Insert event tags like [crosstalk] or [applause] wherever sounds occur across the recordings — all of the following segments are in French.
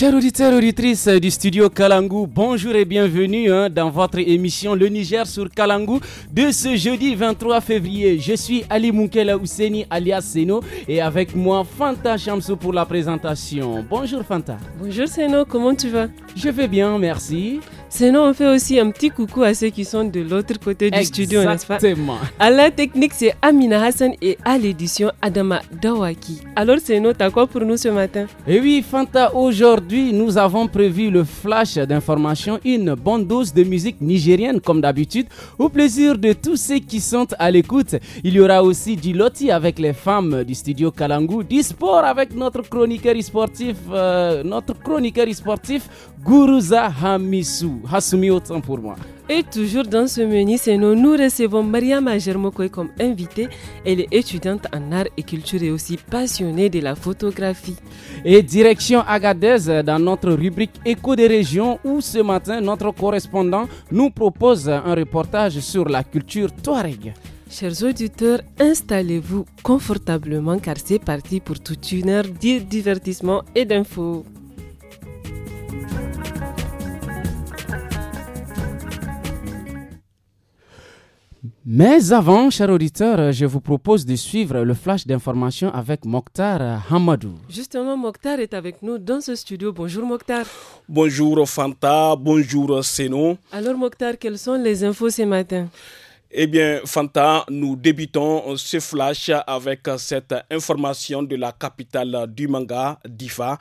Chers auditeurs et auditrices du studio Kalangu, bonjour et bienvenue hein, dans votre émission Le Niger sur Kalangu de ce jeudi 23 février. Je suis Ali Moukela Ousseni alias Seno et avec moi Fanta Chamsou pour la présentation. Bonjour Fanta. Bonjour Seno, comment tu vas je vais bien, merci. Sinon, on fait aussi un petit coucou à ceux qui sont de l'autre côté du studio, n'est-ce pas Exactement. À la technique, c'est Amina Hassan et à l'édition, Adama Dawaki. Alors, Sinon, t'as quoi pour nous ce matin Eh oui, Fanta, aujourd'hui, nous avons prévu le flash d'information, une bonne dose de musique nigérienne, comme d'habitude, au plaisir de tous ceux qui sont à l'écoute. Il y aura aussi du loti avec les femmes du studio Kalangu, du sport avec notre chroniqueur sportif, euh, notre chroniqueur sportif, Guruza Hamissou. Hasumi autant pour moi. Et toujours dans ce menu, c'est nous, nous recevons Mariama Germokoy comme invitée. Elle est étudiante en art et culture et aussi passionnée de la photographie. Et direction Agadez, dans notre rubrique Écho des régions, où ce matin, notre correspondant nous propose un reportage sur la culture touareg. Chers auditeurs, installez-vous confortablement car c'est parti pour toute une heure de divertissement et d'infos. Mais avant, cher auditeur, je vous propose de suivre le flash d'information avec Mokhtar Hamadou. Justement, Mokhtar est avec nous dans ce studio. Bonjour Mokhtar. Bonjour Fanta, bonjour Seno. Alors Mokhtar, quelles sont les infos ce matin eh bien, Fanta, nous débutons ce flash avec cette information de la capitale du manga, Difa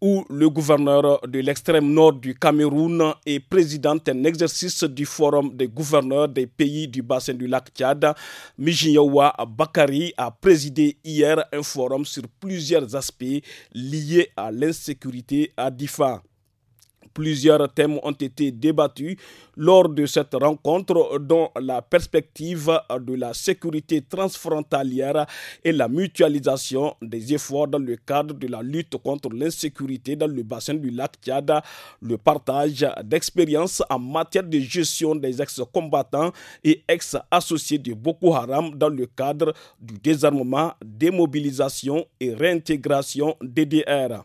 où le gouverneur de l'extrême nord du Cameroun est président en exercice du Forum des gouverneurs des pays du bassin du lac Tchad. Mijinyawa Bakari a présidé hier un forum sur plusieurs aspects liés à l'insécurité à Difa. Plusieurs thèmes ont été débattus lors de cette rencontre, dont la perspective de la sécurité transfrontalière et la mutualisation des efforts dans le cadre de la lutte contre l'insécurité dans le bassin du lac Tchad, le partage d'expériences en matière de gestion des ex-combattants et ex-associés de Boko Haram dans le cadre du désarmement, démobilisation et réintégration DDR.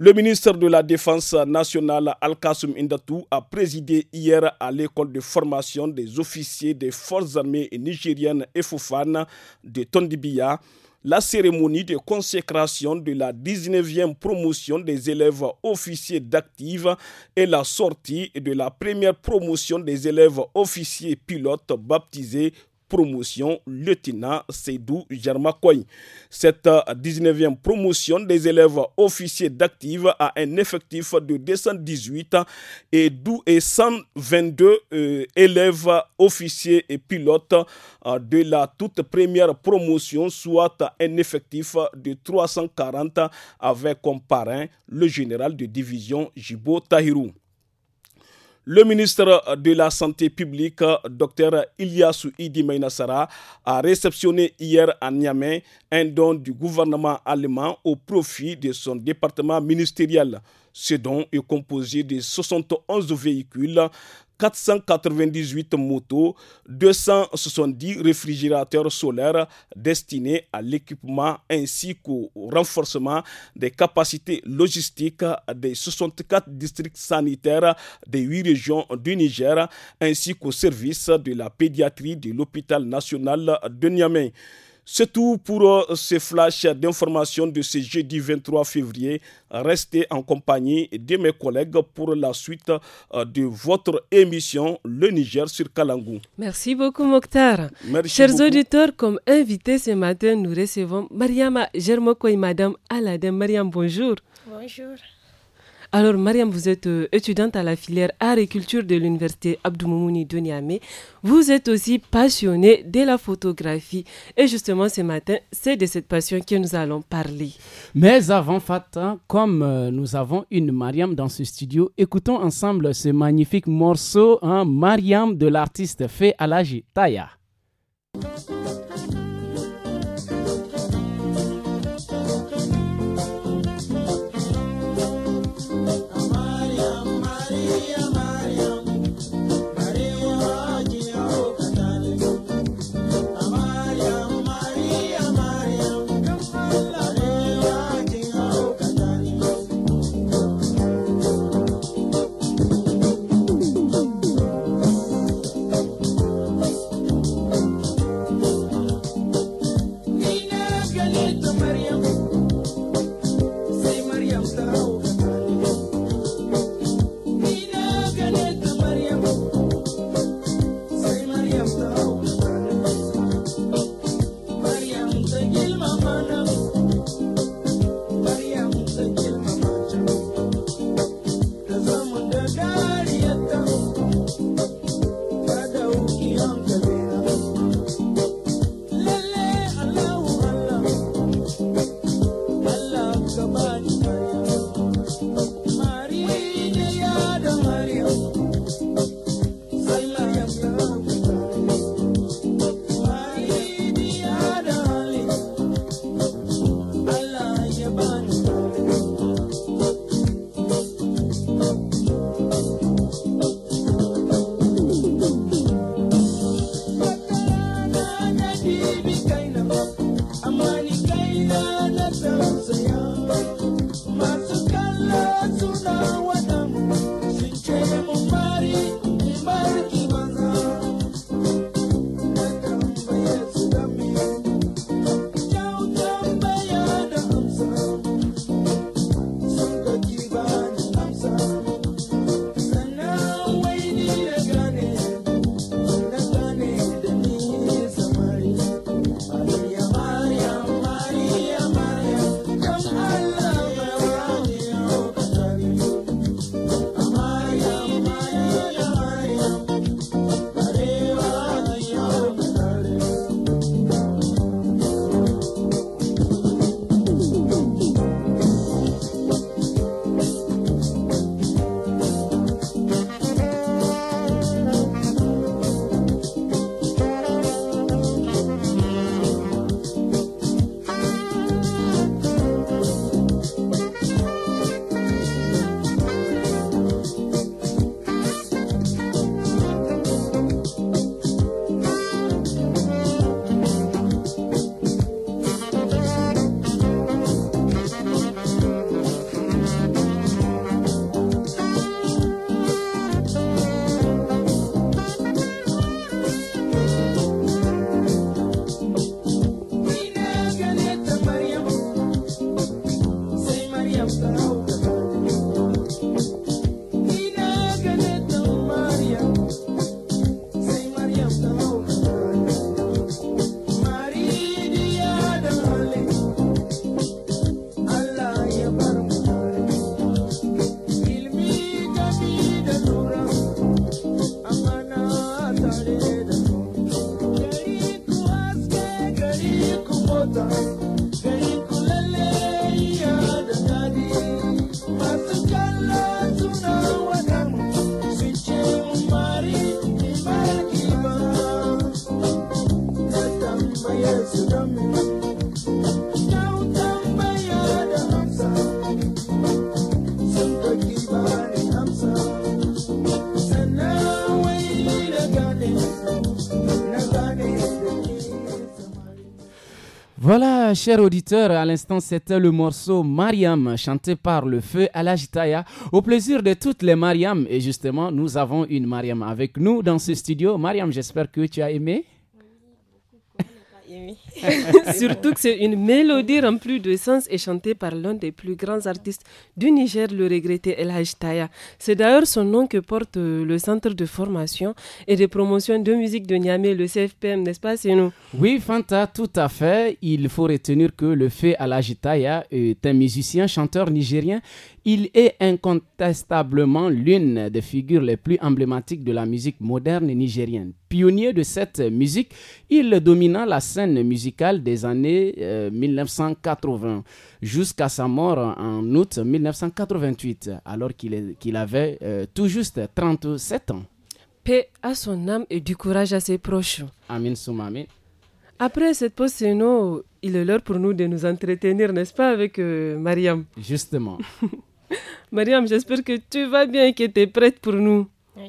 Le ministre de la Défense nationale, Al-Kassoum Indatou, a présidé hier à l'école de formation des officiers des forces armées nigériennes EFOFAN de Tondibia la cérémonie de consécration de la 19e promotion des élèves officiers d'active et la sortie de la première promotion des élèves officiers pilotes baptisés promotion lieutenant Seydou Germakoy. Cette 19e euh, promotion des élèves officiers d'active a un effectif de 218 et 122 euh, élèves officiers et pilotes euh, de la toute première promotion, soit un effectif de 340 avec comme parrain le général de division Jibo Tahirou. Le ministre de la Santé publique, Dr Ilyasu Idi a réceptionné hier à Niamey un don du gouvernement allemand au profit de son département ministériel. Ce don est composé de 71 véhicules, 498 motos, 270 réfrigérateurs solaires destinés à l'équipement ainsi qu'au renforcement des capacités logistiques des 64 districts sanitaires des 8 régions du Niger ainsi qu'au service de la pédiatrie de l'hôpital national de Niamey. C'est tout pour euh, ce flash d'information de ce jeudi 23 février. Restez en compagnie de mes collègues pour la suite euh, de votre émission Le Niger sur Kalangou. Merci beaucoup Mokhtar. Merci Chers auditeurs, comme invité ce matin, nous recevons Mariama et Madame Aladin. Mariam, bonjour. Bonjour. Alors, Mariam, vous êtes euh, étudiante à la filière Art et Culture de l'Université Abdoumouni de Niamey. Vous êtes aussi passionnée de la photographie. Et justement, ce matin, c'est de cette passion que nous allons parler. Mais avant, Fatah, comme euh, nous avons une Mariam dans ce studio, écoutons ensemble ce magnifique morceau, en hein, Mariam de l'artiste Fé l'âge Taya. Cher chers auditeurs, à l'instant c'était le morceau Mariam chanté par le feu à la l'Agitaya au plaisir de toutes les Mariam. Et justement, nous avons une Mariam avec nous dans ce studio. Mariam, j'espère que tu as aimé. [laughs] Surtout que c'est une mélodie remplie de sens et chantée par l'un des plus grands artistes du Niger, le regretté El Taya. C'est d'ailleurs son nom que porte euh, le centre de formation et de promotion de musique de Niamey, le CFPM, n'est-ce pas, c'est nous Oui, Fanta, tout à fait. Il faut retenir que le fait El Taya est un musicien, chanteur nigérien il est incontestablement l'une des figures les plus emblématiques de la musique moderne nigérienne. Pionnier de cette musique, il domina la scène musicale des années 1980 euh, jusqu'à sa mort en août 1988, alors qu'il avait euh, tout juste 37 ans. Paix à son âme et du courage à ses proches. Amin Soumami. Après cette pause, c'est il est l'heure pour nous de nous entretenir, n'est-ce pas, avec euh, Mariam Justement. [laughs] [laughs] Mariam, j'espère que tu vas bien et que tu es prête pour nous. [laughs]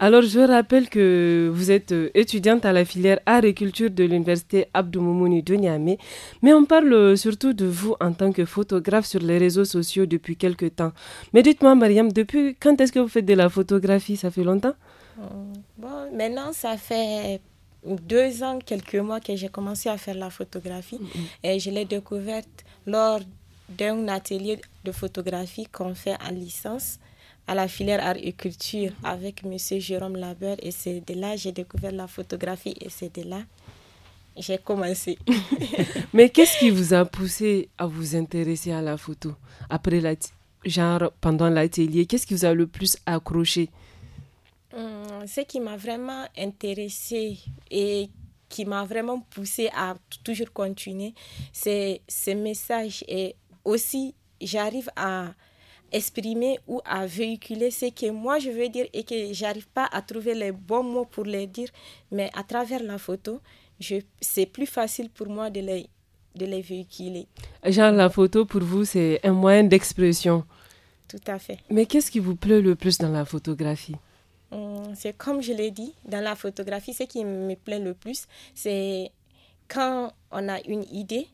Alors, je rappelle que vous êtes euh, étudiante à la filière agriculture de l'université Abdou Moumouni de Niamey, mais on parle euh, surtout de vous en tant que photographe sur les réseaux sociaux depuis quelques temps. Mais dites-moi, Mariam, depuis quand est-ce que vous faites de la photographie Ça fait longtemps hum, Bon, maintenant, ça fait deux ans, quelques mois que j'ai commencé à faire la photographie mm-hmm. et je l'ai découverte lors d'un atelier de photographie qu'on fait en licence à la filière art et culture mhm. avec M. Jérôme Labeur. Et c'est de là que j'ai découvert la photographie et c'est de là que j'ai commencé. [laughs] Mais qu'est-ce qui vous a poussé à vous intéresser à la photo après la genre pendant l'atelier Qu'est-ce qui vous a le plus accroché hmm, Ce qui m'a vraiment intéressé et qui m'a vraiment poussé à toujours continuer, c'est ce message et aussi j'arrive à exprimer ou à véhiculer ce que moi je veux dire et que j'arrive pas à trouver les bons mots pour les dire, mais à travers la photo, c'est plus facile pour moi de les, de les véhiculer. Genre la photo pour vous, c'est un moyen d'expression. Tout à fait. Mais qu'est-ce qui vous plaît le plus dans la photographie hum, C'est comme je l'ai dit, dans la photographie, ce qui me plaît le plus, c'est quand on a une idée,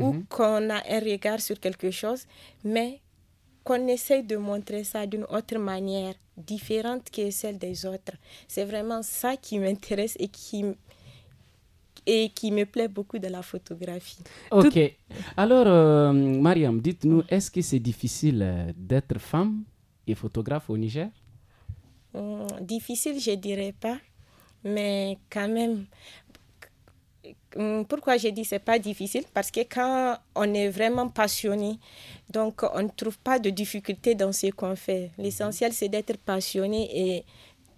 ou mhm. qu'on a un regard sur quelque chose, mais qu'on essaye de montrer ça d'une autre manière, différente que celle des autres. C'est vraiment ça qui m'intéresse et qui, et qui me plaît beaucoup de la photographie. Ok. Alors, euh, Mariam, dites-nous, est-ce que c'est difficile euh, d'être femme et photographe au Niger hum, Difficile, je dirais pas. Mais quand même, Hmm, pourquoi j'ai dit c'est pas difficile Parce que quand on est vraiment passionné, donc on ne trouve pas de difficultés dans ce qu'on fait. Mhm. L'essentiel, c'est d'être passionné et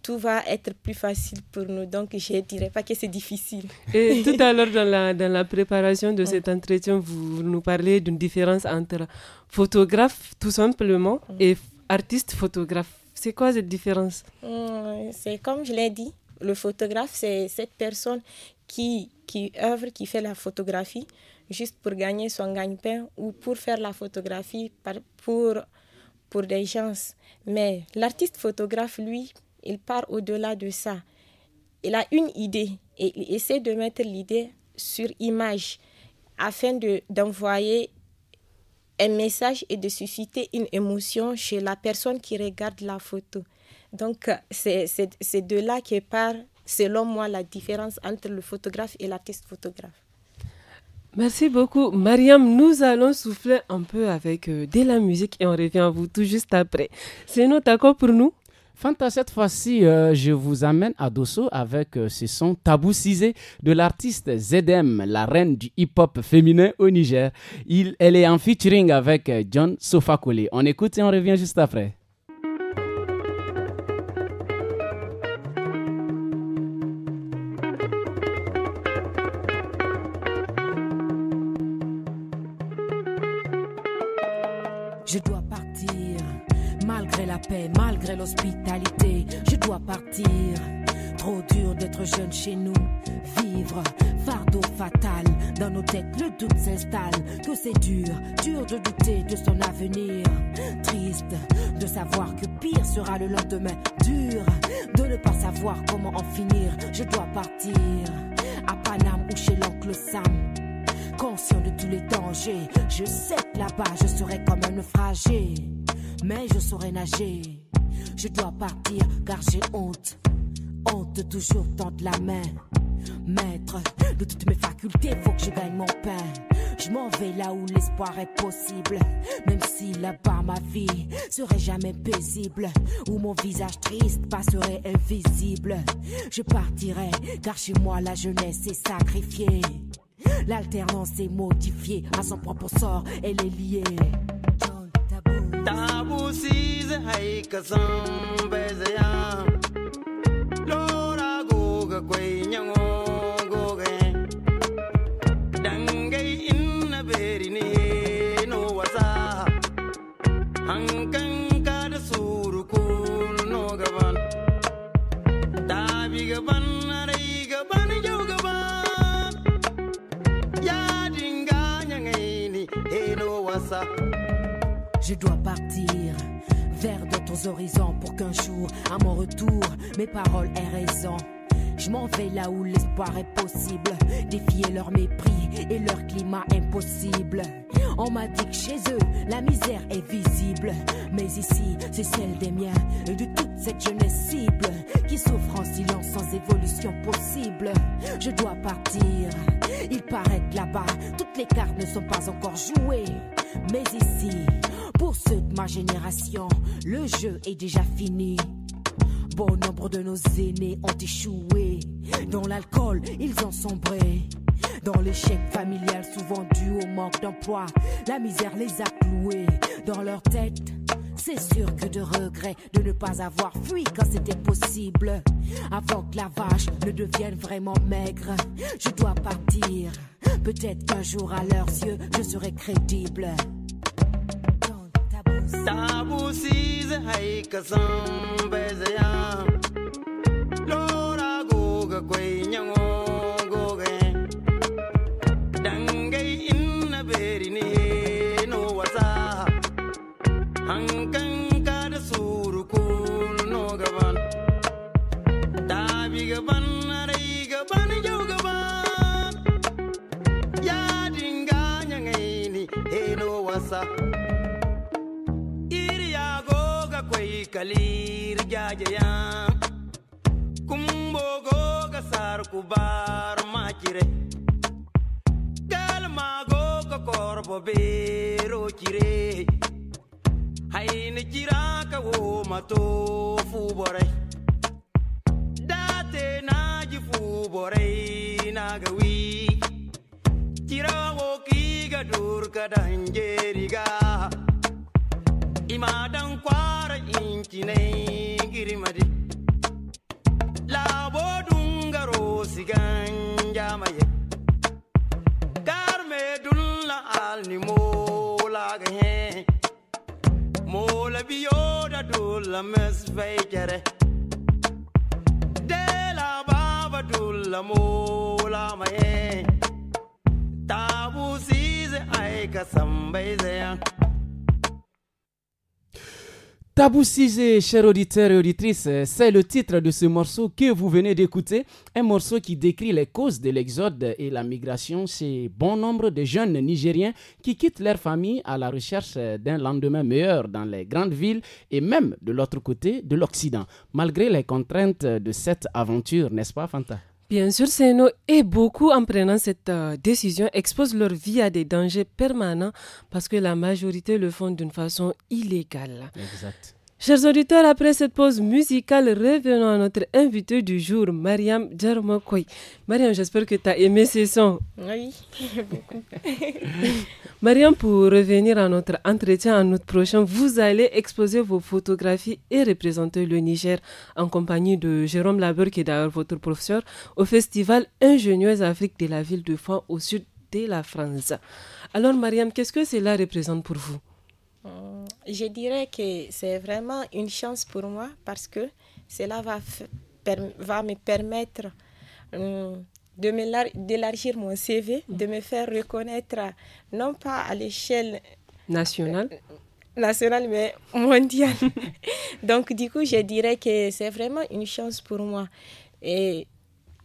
tout va être plus facile pour nous. Donc, je ne dirais pas que c'est difficile. Et [laughs] tout à l'heure, dans la, dans la préparation de cet entretien, vous nous parlez d'une différence entre photographe, tout simplement, mhm. et artiste photographe. C'est quoi cette différence hmm, C'est comme je l'ai dit, le photographe, c'est cette personne qui, qui œuvre, qui fait la photographie, juste pour gagner son gagne-pain ou pour faire la photographie par, pour, pour des chances. Mais l'artiste photographe, lui, il part au-delà de ça. Il a une idée et il essaie de mettre l'idée sur image afin d'envoyer un message et de susciter une émotion chez la personne qui regarde la photo. Donc, c'est de là que part selon moi, la différence entre le photographe et l'artiste photographe. Merci beaucoup. Mariam, nous allons souffler un peu avec euh, de la musique et on revient à vous tout juste après. C'est notre accord pour nous Fanta, cette fois-ci, euh, je vous amène à Dosso avec euh, ce son tabou cisé de l'artiste Zedem, la reine du hip-hop féminin au Niger. Il, elle est en featuring avec John Sofakoli. On écoute et on revient juste après. Hospitalité, je dois partir. Trop dur d'être jeune chez nous, vivre, fardeau fatal. Dans nos têtes, le doute s'installe, que c'est dur, dur de douter de son avenir. Triste de savoir que pire sera le lendemain, dur de ne pas savoir comment en finir. Je dois partir à Paname ou chez l'oncle Sam conscient de tous les dangers. Je sais que là-bas, je serai comme un naufragé, mais je saurai nager. Je dois partir car j'ai honte. Honte toujours tendre la main. Maître de toutes mes facultés, faut que je gagne mon pain. Je m'en vais là où l'espoir est possible, même si là-bas ma vie serait jamais paisible, où mon visage triste passerait invisible. Je partirai car chez moi la jeunesse est sacrifiée. L'alternance est modifiée à son propre sort, elle est liée. akusize ayikasambezeya lora goga kwenyangogoge dangai ina berine no wasa hankan kada surukun no gavan, tabi gavan. je dois partir vers d'autres horizons pour qu'un jour, à mon retour, mes paroles aient raison. Je m'en vais là où l'espoir est possible, défier leur mépris et leur climat impossible. On m'a dit que chez eux, la misère est visible, mais ici, c'est celle des miens et de toute cette jeunesse cible qui souffre en silence sans évolution possible. Je dois partir, il paraît que là-bas, toutes les cartes ne sont pas encore jouées, mais ici, pour ceux de ma génération, le jeu est déjà fini. Bon nombre de nos aînés ont échoué. Dans l'alcool, ils ont sombré. Dans l'échec familial, souvent dû au manque d'emploi, la misère les a cloués dans leur tête. C'est sûr que de regret de ne pas avoir fui quand c'était possible. Avant que la vache ne devienne vraiment maigre, je dois partir. Peut-être qu'un jour à leurs yeux, je serai crédible. sabu si zai ka san bai zaya kalir jajayan kumbogo kasar kubar machire galmago ko korbo bero chire ni chira ka wo mato fu bore date na ji fu bore na gawi chira wo ki ga dur ka danjeriga imadan kwara incine girimadi labo dungaro sigan jamaye karme dulla alni molaga he mola biyoda dula mes fejere dela baba dula mola maye tabu sise aika sambai zayan Tabou chers auditeurs et auditrices, c'est le titre de ce morceau que vous venez d'écouter, un morceau qui décrit les causes de l'exode et la migration chez bon nombre de jeunes Nigériens qui quittent leur famille à la recherche d'un lendemain meilleur dans les grandes villes et même de l'autre côté de l'Occident, malgré les contraintes de cette aventure, n'est-ce pas Fanta Bien sûr, nous. et beaucoup en prenant cette euh, décision exposent leur vie à des dangers permanents parce que la majorité le font d'une façon illégale. Exact. Chers auditeurs, après cette pause musicale, revenons à notre invité du jour, Mariam Djermokoui. Mariam, j'espère que tu as aimé ces sons. Oui, beaucoup. [laughs] Mariam, pour revenir à notre entretien en août prochain, vous allez exposer vos photographies et représenter le Niger en compagnie de Jérôme Labeur, qui est d'ailleurs votre professeur, au festival Ingénieuse Afrique de la ville de Foix au sud de la France. Alors, Mariam, qu'est-ce que cela représente pour vous euh, je dirais que c'est vraiment une chance pour moi parce que cela va, me permettre euh, d'élargir mon CV, de me faire reconnaître non pas à l'échelle nationale, euh, nationale mais mondiale. [laughs] Donc du coup, je dirais que c'est vraiment une chance pour moi. Et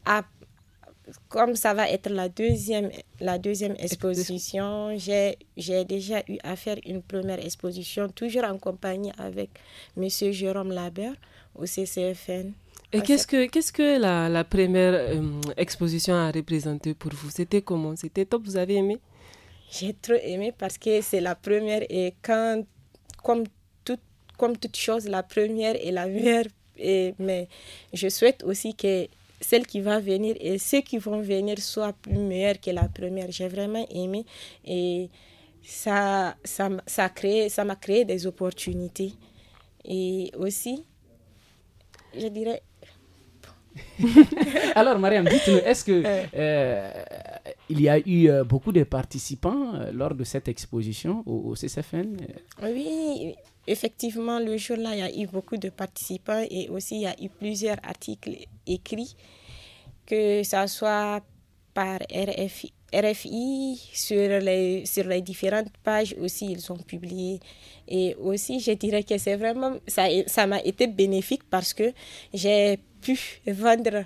à comme ça va être la deuxième, la deuxième exposition, j'ai déjà eu à faire une première exposition, toujours en compagnie avec M. Jérôme Labert au CCFN. Et qu'est-ce que, qu'est-ce que la, la première euh, exposition a représenté pour vous C'était comment C'était top Vous avez aimé J'ai trop aimé parce que c'est la première et quand, comme, tout, comme toute chose, la première est la meilleure. Et, mais je souhaite aussi que celle qui va venir et ceux qui vont venir soient plus meilleurs que la première. J'ai vraiment aimé et ça ça ça ça m'a créé des opportunités et aussi je dirais [laughs] Alors, Mariam, dites est-ce que euh. Euh, il y a eu euh, beaucoup de participants lors de cette exposition au, au CCFN Oui, Effectivement, le jour-là, il y a eu beaucoup de participants et aussi il y a eu plusieurs articles écrits, que ce soit par RFI, sur les, sur les différentes pages aussi, ils ont publié. Et aussi, je dirais que c'est vraiment, ça m'a été bénéfique parce que j'ai pu vendre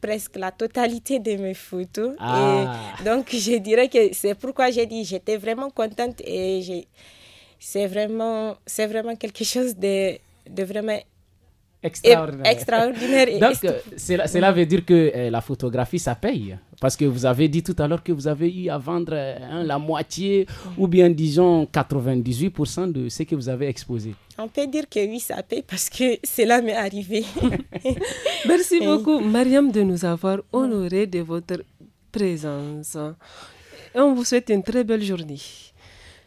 presque la totalité de mes photos. Et ah. donc, je dirais que c'est pourquoi j'ai dit, j'étais vraiment contente et j'ai c'est vraiment, c'est vraiment quelque chose de, de vraiment extraordinaire. extraordinaire cela, veut dire que euh, la photographie, ça paye. Parce que vous avez dit tout à l'heure que vous avez eu à vendre euh, hein, la moitié, ou bien disons 98% de ce que vous avez exposé. On peut dire que oui, ça paye parce que cela m'est arrivé. [laughs] Merci beaucoup, Mariam, de nous avoir honoré de votre présence. Et on vous souhaite une très belle journée.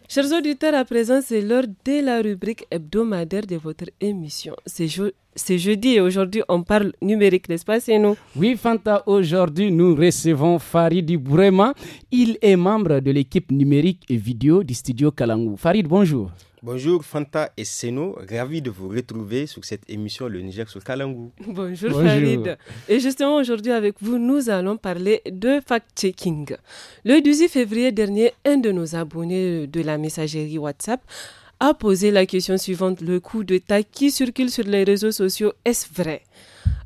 Chers auditeurs, à présent, c'est l'heure de la rubrique hebdomadaire de votre émission. C'est jeudi et aujourd'hui, on parle numérique, n'est-ce pas, c'est nous Oui, Fanta, aujourd'hui, nous recevons Farid Bourema. Il est membre de l'équipe numérique et vidéo du studio Kalangou. Farid, bonjour. Bonjour Fanta et Seno, ravi de vous retrouver sur cette émission Le Niger sur Kalangou. [laughs] Bonjour, Farid. Et justement aujourd'hui avec vous, nous allons parler de fact-checking. Le 12 février dernier, un de nos abonnés de la messagerie WhatsApp a posé la question suivante le coup d'État qui circule sur les réseaux sociaux, est-ce vrai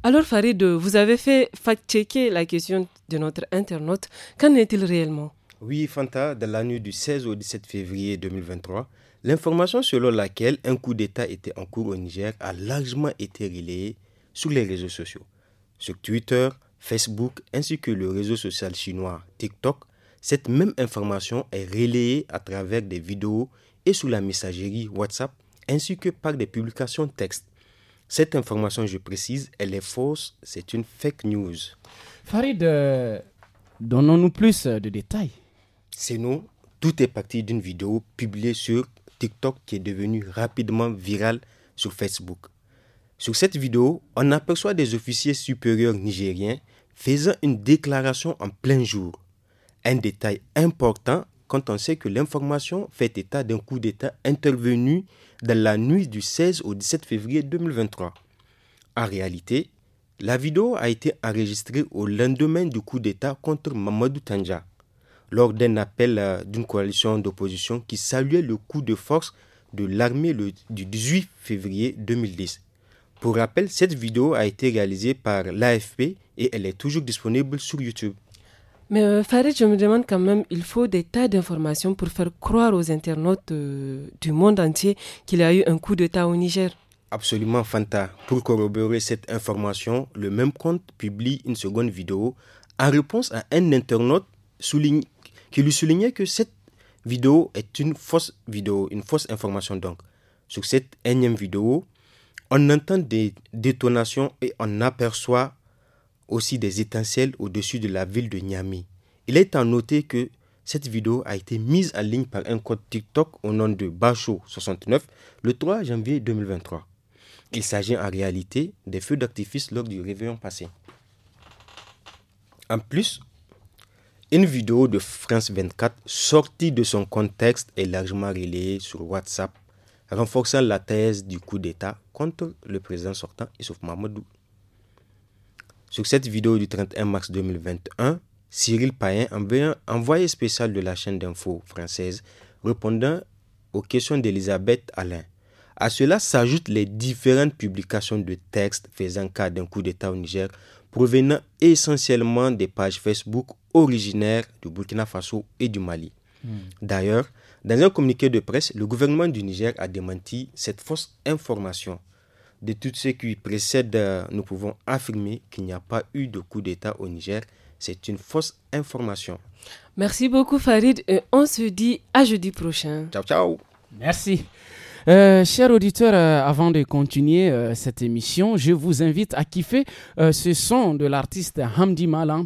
Alors Farid, vous avez fait fact-checker la question de notre internaute. Qu'en est-il réellement Oui, Fanta, de la nuit du 16 au 17 février 2023, L'information selon laquelle un coup d'État était en cours au Niger a largement été relayée sur les réseaux sociaux. Sur Twitter, Facebook ainsi que le réseau social chinois TikTok, cette même information est relayée à travers des vidéos et sous la messagerie WhatsApp ainsi que par des publications textes. Cette information, je précise, elle est fausse, c'est une fake news. Farid, euh, donnons-nous plus de détails. C'est nous, tout est parti d'une vidéo publiée sur TikTok qui est devenu rapidement viral sur Facebook. Sur cette vidéo, on aperçoit des officiers supérieurs nigériens faisant une déclaration en plein jour. Un détail important quand on sait que l'information fait état d'un coup d'État intervenu dans la nuit du 16 au 17 février 2023. En réalité, la vidéo a été enregistrée au lendemain du coup d'État contre Mamadou Tanja lors d'un appel euh, d'une coalition d'opposition qui saluait le coup de force de l'armée du 18 février 2010. Pour rappel, cette vidéo a été réalisée par l'AFP et elle est toujours disponible sur YouTube. Mais euh, Farid, je me demande quand même, il faut des tas d'informations pour faire croire aux internautes euh, du monde entier qu'il y a eu un coup d'État au Niger. Absolument, Fanta. Pour corroborer cette information, le même compte publie une seconde vidéo en réponse à un internaute souligne qui lui soulignait que cette vidéo est une fausse vidéo, une fausse information donc. Sur cette énième vidéo, on entend des détonations et on aperçoit aussi des étincelles au-dessus de la ville de Niamey. Il est à noter que cette vidéo a été mise en ligne par un compte TikTok au nom de Bacho69 le 3 janvier 2023. Il s'agit en réalité des feux d'artifice lors du réveillon passé. En plus, une vidéo de France 24 sortie de son contexte est largement relayée sur WhatsApp, renforçant la thèse du coup d'État contre le président sortant Issouf Mamadou. Sur cette vidéo du 31 mars 2021, Cyril Payen, envoyé spécial de la chaîne d'info française, répondant aux questions d'Elisabeth Alain. À cela s'ajoutent les différentes publications de textes faisant cas d'un coup d'État au Niger, provenant essentiellement des pages Facebook originaire du Burkina Faso et du Mali. D'ailleurs, dans un communiqué de presse, le gouvernement du Niger a démenti cette fausse information. De tout ce qui précède, euh, nous pouvons affirmer qu'il n'y a pas eu de coup d'État au Niger. C'est une fausse information. Merci beaucoup Farid et on se dit à jeudi prochain. Ciao ciao. Merci. Euh, chers auditeurs, euh, avant de continuer euh, cette émission, je vous invite à kiffer ce son de l'artiste Hamdi Malan,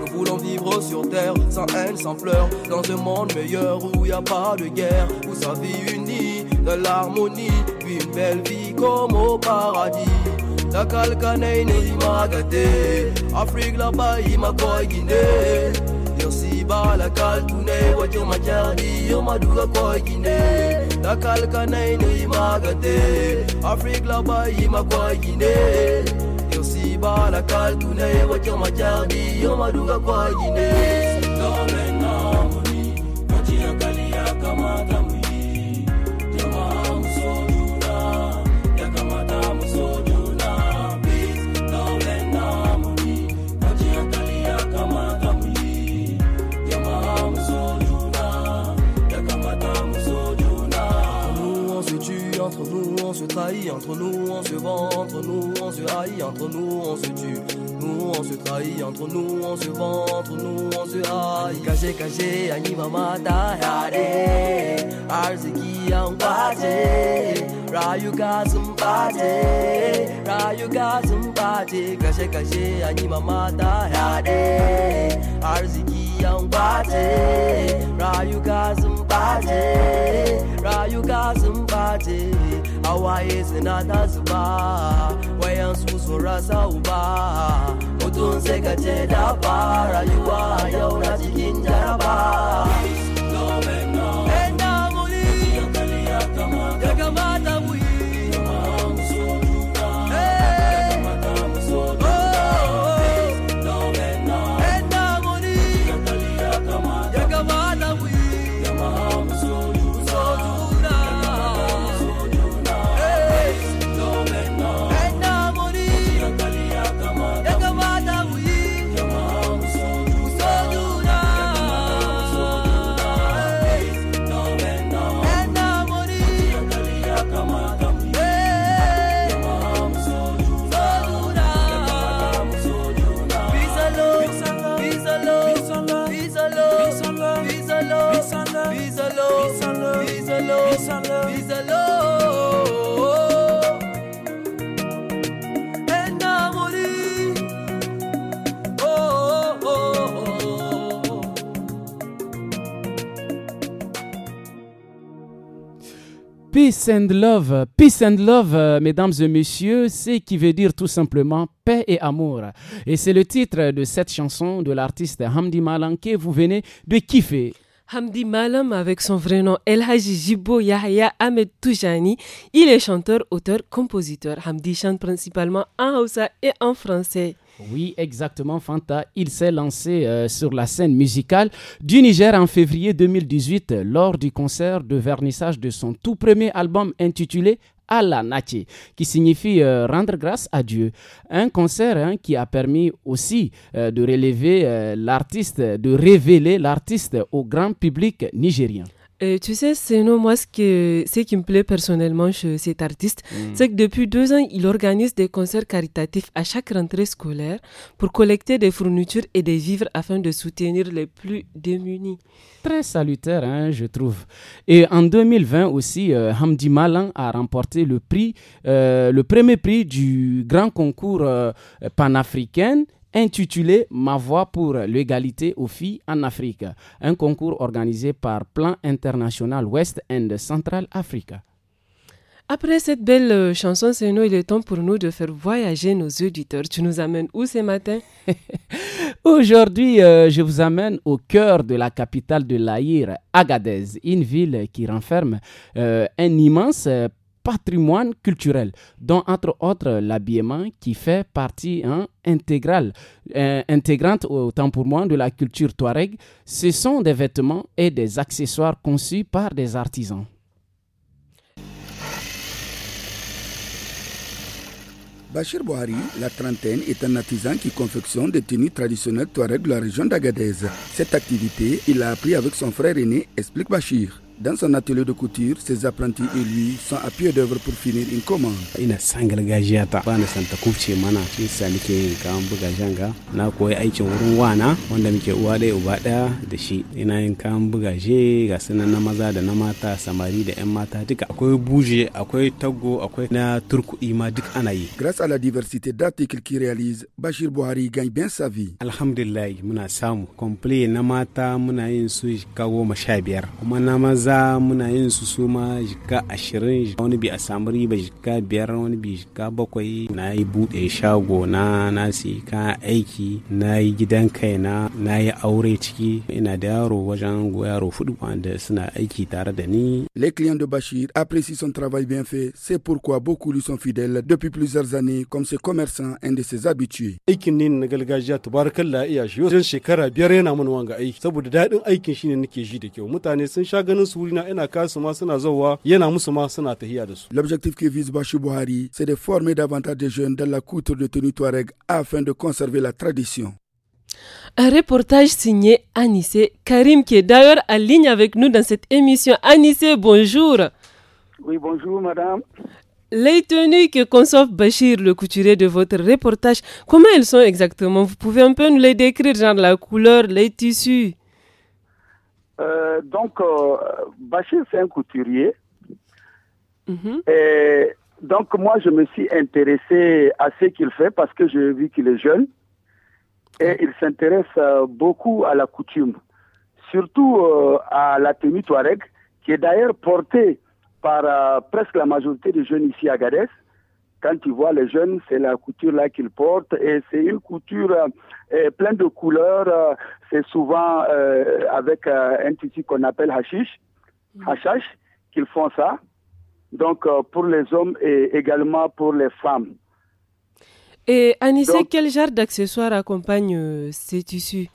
nous voulons vivre sur terre sans haine sans fleurs dans un monde meilleur où y a pas de guerre où sa vie unie dans l'harmonie puis une belle vie comme au paradis la calcane ne imagate Afrique là-bas imakoy Guinée bala kalkune wacho machadi yo maduga koyine la kalka naine imagate afrika ba ima koyine yo si bala kalkune wacho machadi yo maduga koyine se trahit, entre nous on se vend, entre nous on se haït, entre nous on se tue. Nous on se trahit, entre nous on se vend, entre nous on se haït. Caché, caché, anima mata, yare. Arziki ambate, rayuka rayu rayuka zumbate. Caché, caché, anima mata, yare. Arziki Young Mbate, Rayuga Zimbate, Rayuga Zimbate, Hawaii is another Zuba, Wayans Usurasa Uba, Utunse Kateda Para, you are your Rajikinjaraba. Peace and love. Peace and love, euh, mesdames et messieurs, c'est qui veut dire tout simplement paix et amour. Et c'est le titre de cette chanson de l'artiste Hamdi Malam que vous venez de kiffer. Hamdi Malam, avec son vrai nom El Haji Jibo Yahya Ahmed Toujani, il est chanteur, auteur, compositeur. Hamdi chante principalement en Hausa et en français. Oui, exactement, Fanta. Il s'est lancé euh, sur la scène musicale du Niger en février 2018 lors du concert de vernissage de son tout premier album intitulé Allah Nati, qui signifie euh, rendre grâce à Dieu. Un concert hein, qui a permis aussi euh, de relever l'artiste, de révéler l'artiste au grand public nigérien. Euh, tu sais, sinon moi ce, que, qui me plaît personnellement chez cet artiste, mm. c'est que depuis deux ans, il organise des concerts caritatifs à chaque rentrée scolaire pour collecter des fournitures et des vivres afin de soutenir les plus démunis. Très salutaire, hein, je trouve. Et en 2020 aussi, euh, Hamdi Malan a remporté le prix, euh, le premier prix du grand concours panafricain intitulé Ma voix pour l'égalité aux filles en Afrique, un concours organisé par Plan International West and Central Africa. Après cette belle euh, chanson, c'est nous, il est temps pour nous de faire voyager nos auditeurs. Tu nous amènes où ce matin [laughs] Aujourd'hui, euh, je vous amène au cœur de la capitale de l'Aïr, Agadez, une ville qui renferme euh, un immense patrimoine culturel, dont entre autres l'habillement qui fait partie hein, intégrale, euh, intégrante autant pour moi de la culture touareg. Ce sont des vêtements et des accessoires conçus par des artisans. Bachir Bohari, la trentaine, est un artisan qui confectionne des tenues traditionnelles touareg de la région d'Agadez. Cette activité, il l'a appris avec son frère aîné, explique Bachir. Dans son atelier de couture, ses apprentis et lui sont à pied d'œuvre pour finir une commande. Ina san gargajiya ta bana san ta kubce mana shi yasa nake yin kayan buga janga na koyi aikin wurin wana wanda muke uwa ɗaya uba ɗaya da shi ina yin kayan ga sunan na maza da na mata samari da yan mata duka akwai buje akwai tago akwai na turkuɗi ma duk ana yi. Grâce à la diversité d'articles qu'il réalise, Bachir Buhari gagne bien sa vie. Alhamdulillah muna samu komple na mata muna yin su ka goma sha biyar kuma na maza maza muna yin su su ma jika ashirin wani bi a samu riba jika biyar wani bi jika bakwai na yi buɗe shago na na siyi ka aiki na yi gidan kaina na yi aure ciki ina da yaro wajen yaro fudu wanda suna aiki tare da ni. le client de bashir apprécie son travail bien fait, c'est pourquoi beaucoup lui sont fidèles depuis plusieurs années comme ses commerçants un de ses habitués. Aikin ne na gargajiya tabarakallah iya shi wajen shekara biyar yana mun wanga aiki saboda dadin aikin shine nake ji da kyau mutane sun sha ganin su L'objectif que vise Bachir Buhari, c'est de former davantage de jeunes dans la couture de tenue Touareg afin de conserver la tradition. Un reportage signé Anissé Karim qui est d'ailleurs en ligne avec nous dans cette émission. Anissé, bonjour. Oui, bonjour madame. Les tenues que conçoit Bachir, le couturier de votre reportage, comment elles sont exactement Vous pouvez un peu nous les décrire, genre la couleur, les tissus euh, donc, euh, Bachir, c'est un couturier. Mhm. Et donc, moi, je me suis intéressé à ce qu'il fait parce que j'ai vu qu'il est jeune et il s'intéresse euh, beaucoup à la coutume, surtout à la tenue Touareg, qui est d'ailleurs portée par presque la majorité des jeunes ici à Gadès. Quand tu vois les jeunes, c'est la couture là qu'ils portent et c'est une couture euh, euh, pleine de couleurs. Euh, c'est souvent avec un tissu qu'on appelle hashish, mm. hashash, qu'ils font ça. Donc pour les hommes et également pour les femmes. Et Anissa, quel genre d'accessoires accompagnent ces tissus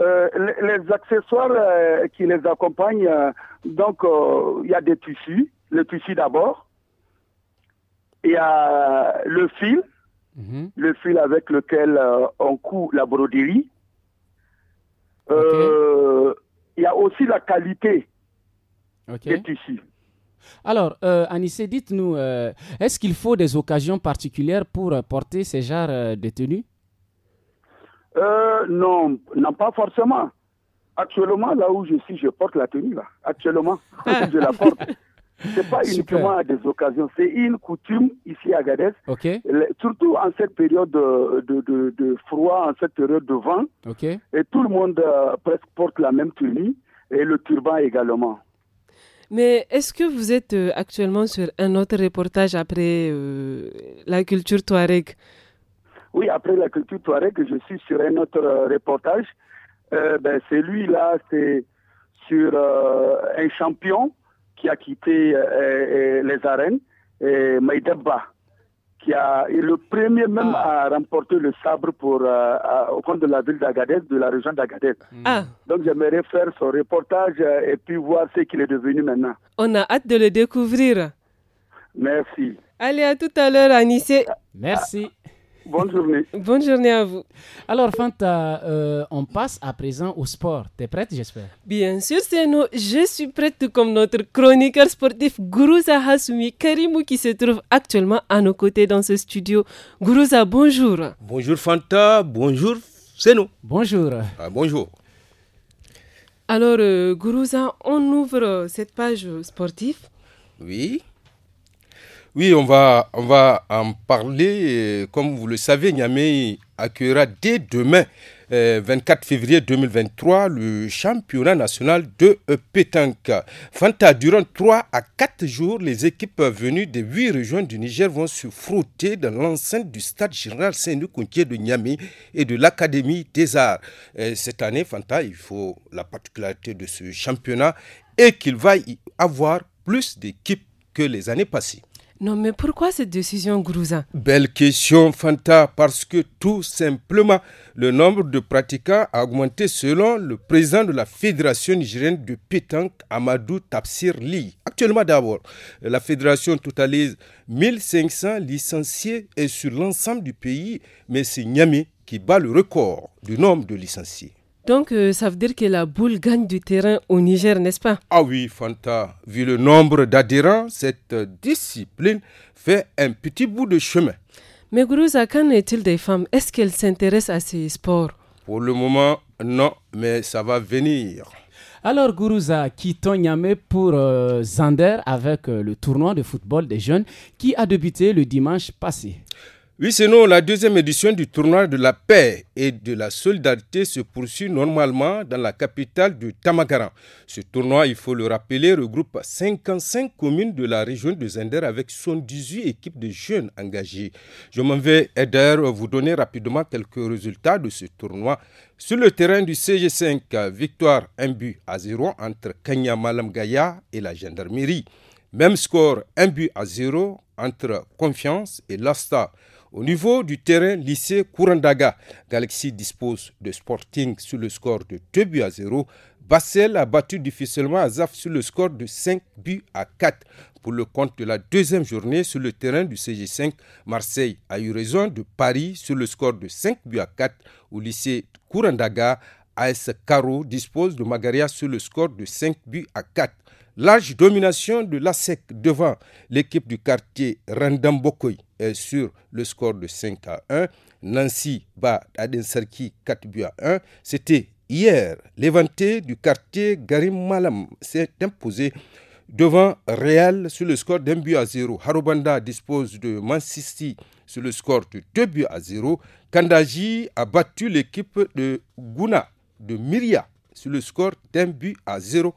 les, accessoires qui les accompagnent, donc il y a des tissus, le tissu d'abord, il y a euh, le fil, mhm. le fil avec lequel euh, on coud la broderie. Euh, il y a aussi la qualité qui des ici. Alors, Anissé, dites-nous, est-ce qu'il faut des occasions particulières pour porter ces genres de tenues non, non, pas forcément. Actuellement, là où je suis, je porte la tenue. Là. Actuellement, [laughs] je la porte. [laughs] C'est pas uniquement à des occasions, c'est une coutume ici à Gadez. Surtout en cette période de, froid, en cette période de vent. Et tout le monde euh, presque porte la même tenue et le turban également. Mais est-ce que vous êtes euh, actuellement sur un autre reportage après euh, la culture touareg Oui, après la culture touareg, je suis sur un autre reportage. Ben, celui-là, c'est sur un champion qui a quitté euh, euh, les arènes, et euh, Maïdeba, qui a, est le premier même ah. à remporter le sabre pour, au compte de la ville d'Agadez, de la région d'Agadez. Hmm. Ah. Donc j'aimerais faire son reportage et puis voir ce qu'il est devenu maintenant. On a hâte de le découvrir. Merci. Allez, à tout à l'heure, Anissé. Merci. Bonne journée. [laughs] Bonne journée à vous. Alors, Fanta, euh, on passe à présent au sport. Tu es prête, j'espère Bien sûr, c'est nous. Je suis prête comme notre chroniqueur sportif Guruza Hasumi Karimou qui se trouve actuellement à nos côtés dans ce studio. Guruza, bonjour. Bonjour, Fanta. Bonjour, C'est nous. Bonjour. Ah, bonjour. Alors, euh, Guruza, on ouvre euh, cette page sportive. Oui. Oui, on va, on va en parler. Comme vous le savez, Niamey accueillera dès demain, 24 euh, février 2023, le championnat national de pétanque. Fanta, durant 3 à 4 jours, les équipes venues des 8 régions du Niger vont se frotter dans l'enceinte du stade général saint contier de Niamey et de l'Académie des Arts. Euh, cette année, Fanta, il faut la particularité de ce championnat et qu'il va y avoir plus d'équipes que les années passées. Non, mais pourquoi cette décision, grouza Belle question, Fanta, parce que tout simplement, le nombre de pratiquants a augmenté selon le président de la Fédération nigérienne de pétanque, Amadou Tapsir Lee. Actuellement d'abord, la fédération totalise 1500 licenciés et sur l'ensemble du pays, mais c'est Niamey qui bat le record du nombre de licenciés. Donc, euh, ça veut dire que la boule gagne du terrain au Niger, n'est-ce pas Ah oui, Fanta, vu le nombre d'adhérents, cette discipline fait un petit bout de chemin. Mais Gourouza, qu'en est-il des femmes Est-ce qu'elles s'intéressent à ces sports Pour le moment, non, mais ça va venir. Alors Gourouza, quittons Nyame pour euh, Zander avec euh, le tournoi de football des jeunes qui a débuté le dimanche passé. Oui, sinon, la deuxième édition du tournoi de la paix et de la solidarité se poursuit normalement dans la capitale du Tamagaran. Ce tournoi, il faut le rappeler, regroupe 55 communes de la région de Zender avec 78 équipes de jeunes engagés. Je m'en vais, d'ailleurs vous donner rapidement quelques résultats de ce tournoi. Sur le terrain du CG5, victoire 1 but à 0 entre Kanya Gaya et la gendarmerie. Même score 1 but à 0 entre Confiance et Lasta. Au niveau du terrain lycée Courandaga, Galaxy dispose de Sporting sur le score de 2 buts à 0. Bassel a battu difficilement Azaf sur le score de 5 buts à 4. Pour le compte de la deuxième journée sur le terrain du CG5, Marseille a eu raison de Paris sur le score de 5 buts à 4 au lycée Courandaga, AS Caro dispose de Magaria sur le score de 5 buts à 4. Large domination de l'ASEC devant l'équipe du quartier Randambokoy. Euh, sur le score de 5 à 1. Nancy bat Adinsarki 4 buts à 1. C'était hier. L'éventé du quartier Garim Malam s'est imposé devant Real sur le score d'un but à 0. Harubanda dispose de Mansisti sur le score de 2 buts à 0. Kandaji a battu l'équipe de Guna de Myria sur le score d'un but à 0.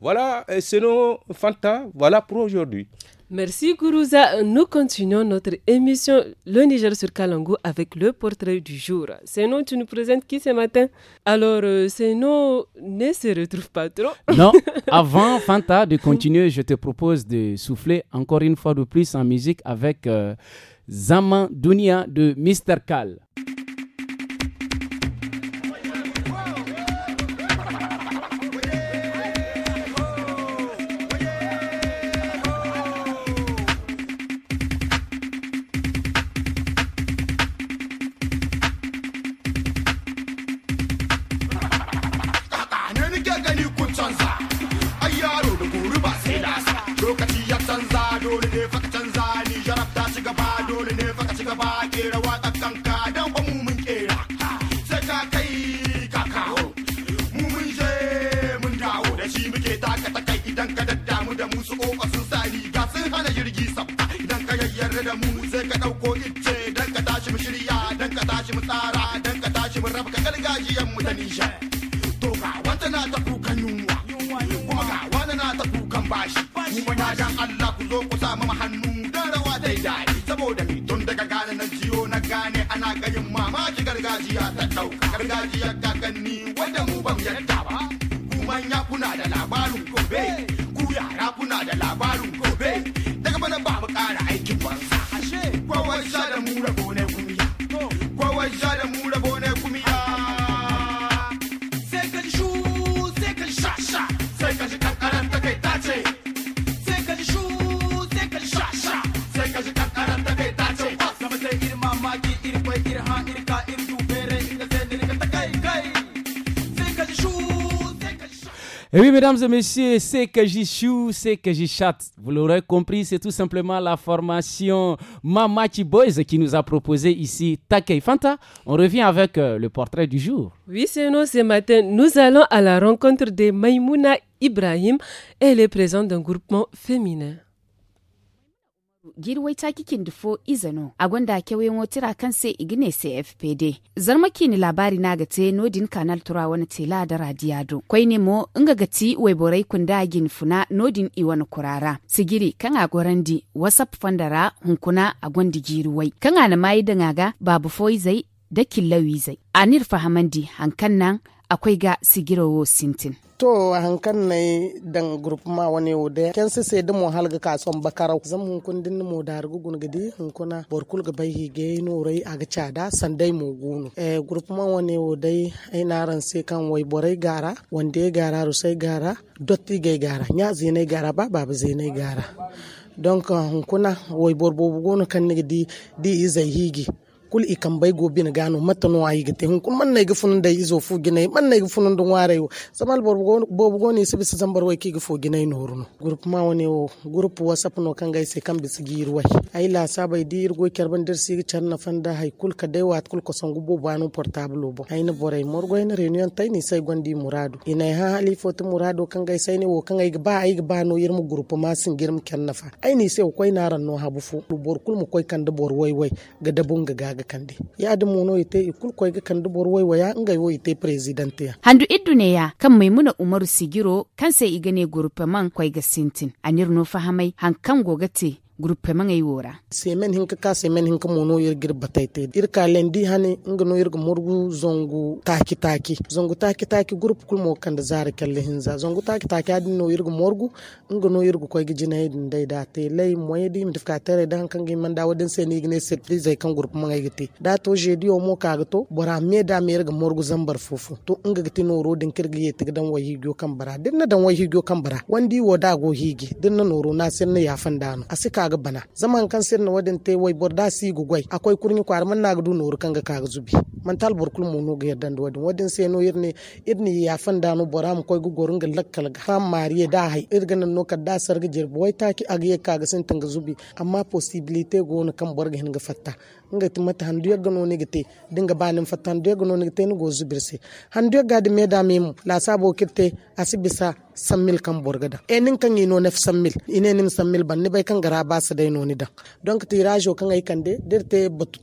Voilà, c'est euh, nos Fanta, voilà pour aujourd'hui. Merci Gourouza. Nous continuons notre émission Le Niger sur Kalango avec le portrait du jour. Seno, tu nous présentes qui ce matin Alors, euh, sinon, ne se retrouve pas trop. Non, [laughs] avant Fanta de continuer, je te propose de souffler encore une fois de plus en musique avec euh, Zaman Dunia de Mister Kal. tare da mu sai ka ɗauko ice dan ka tashi mu shirya dan ka tashi mu tsara dan ka tashi mu raba gargajiyan mu da nisha to ga wata na ta kukan yunwa kuma ga wani na ta kukan bashi kuma na dan Allah ku zo ku sa mu hannu dan rawa dai dai saboda ni tun daga gane na jiyo na gane ana gayin mamaki gargajiya ta ɗauka gargajiyar kakanni wanda mu ban yadda ba kuma ya kuna da labarin gobe sha da mu rabo na wuya kowa sha oui, mesdames et messieurs, c'est que j'y choue, c'est que j'y chatte. Vous l'aurez compris, c'est tout simplement la formation Mamachi Boys qui nous a proposé ici Takei Fanta. On revient avec euh, le portrait du jour. Oui, c'est nous ce matin. Nous allons à la rencontre de Maimouna Ibrahim. Elle est présente d'un groupement féminin. girwaita kikin dufo izano a gwanda kewayen wotira kan sai igine sai fpd zarmaki ni labari na gate nodin kanal tura wani tela da radiyado kwai ne mo ga gati waiborai kunda gin funa nodin iwan kurara sigiri kan a gorandi wasap fandara hunkuna a gwandi girwai kan a na mai da ngaga babu Foyi zai da killawi zai anir fahamandi hankan nan akwai ga sigirowo sintin to hankan yi dan group ma wani wode ken se se demo halga ka son bakara zam hun kun din da dar gun gidi mun kuna borkul ga bai hige no rai aga chada sandai mu gunu e ma wani yi ai ran se kan wai borai gara wande gara rusai gara dotti gai gara nya zinai gara ba babu zinai gara donc hun kuna wai borbo gunu kan ni di di izai higi kul ikan bai gobe na gano mata no gate hun kun man funun izo fu gine man gifu funun don ware yo samal bo goni sibi bisa zambar wai ki gifo gine grup ma woni grup whatsapp no kan gai sai wai ai la sabai dir go kerban si fanda hay kul ka dai wat kul ko songu bo banu portable bo ai na borai morgo ina reunion tai ni sai gondi muradu ina ha ali foto muradu kan sai ne wo kan ba ai ba no yirmu grup girm nafa ai ni sai ko ina ran no habu fu bor kul mu koi bor ga ga ga kande ya adin mono ite ikul koy ga kande bor wai waya nga yo ite president ya handu iddu ne ya kan maimuna umaru sigiro kan sai igane gurfaman koy ga sintin anir no fahamai hankan gogate grupe manga wora semen hinka ka semen hinka mono yir gir bataite ir ka lendi hani inga no yir morgu zongu taki taki zongu taki taki grupe kul mo kanda zara kalle hinza zongu taki taki adin no yir morgu inga no yir ko gi jinay din dai da te lay moye di mi tere dan kan gi manda wadin se ni gine septi kan grupe manga gite da to jedi o mo ka gato bora me da me yir morgu zambar fufu to inga giti no ro din kirgi yete gidan wayi gyo kan bara din na dan wayi gyo kan bara wandi wo da go higi din na ro na sen ya yafan asika ga bana zaman kan sir na wadin te wai borda si gugwai akwai kurni kwar man na du nor kan ga ka ga zubi man tal bor kul mu no ga yaddan da wadin wadin sai no yirne idni ya fan da no boram mu koi gugorun ga lakkal ga fam mariye da hay irgan no ka da sar ga jirbo wai taki aga ka ga sin ga zubi amma possibility go no kan borga ga hin ga fatta ngati ti mata handu yaga no dinga banin fata handu yaga no nigite gozu birse handu yaga me da la sabo kitte asibisa sammil kamborgada borgada e kan yino naf sammil ine sammil ban ni kan gara ba su donc tirage kan kan de dirte batu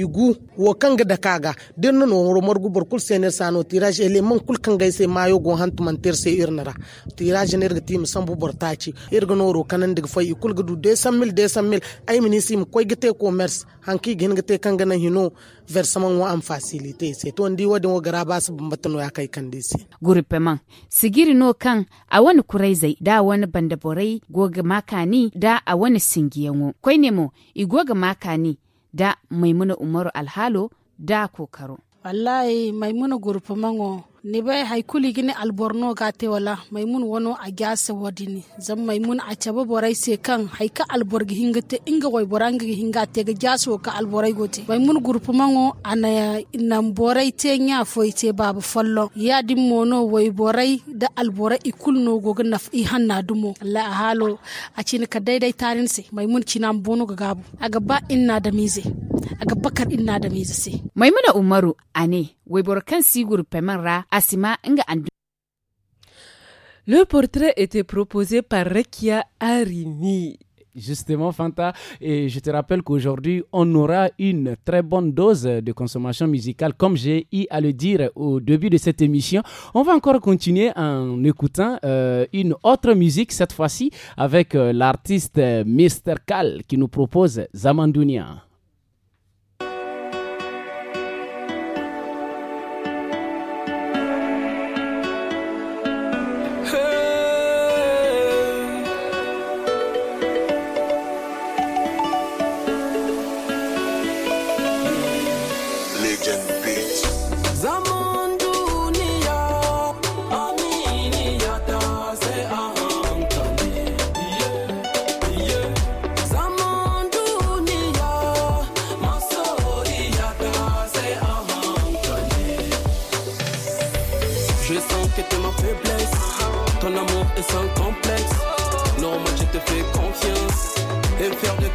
igu wo kanga da kaga den no woro morgu bor kul sano tirage ele man kul kanga se mayo go hantu man terse irnara tirage ner ga tim sambu taci no ro kanan diga fay ikul gudu du 200 mil 200 mil ay minisim koy gite commerce hanki gen gite kanga na hino versement wa am facilité se to ndi wadin wo gara basu bambatano ya kai kandisi disi man sigiri no kan a wani kurai zai da wani bandaborai goga makani da a wani singiyanwo kwai nemo igoga makani da maimuna umaru alhalo da kokaro wallahi maimuna gurfi mango nibai haikuli gini alborno gate wala maimun wano a gyasa wadini zan maimun a caba borai se kan haika albor gi hingate inga wai boranga gi hingate ga gyasa ka alborai gote maimun gurpu mango ana nan borai te nya foi te babu follo ya dim mono wai borai da alborai ikul no go naf i hanna dumo la halo a cin ka daidai tarin se maimun cinan bono ga gabu aga ba inna da mize aga bakar inna da mize se maimuna umaru ane le portrait était proposé par Rekia Harini. justement, Fanta. Et je te rappelle qu'aujourd'hui, on aura une très bonne dose de consommation musicale, comme j'ai eu à le dire au début de cette émission. On va encore continuer en écoutant euh, une autre musique, cette fois-ci avec euh, l'artiste euh, Mr. Kal qui nous propose Zamandounia.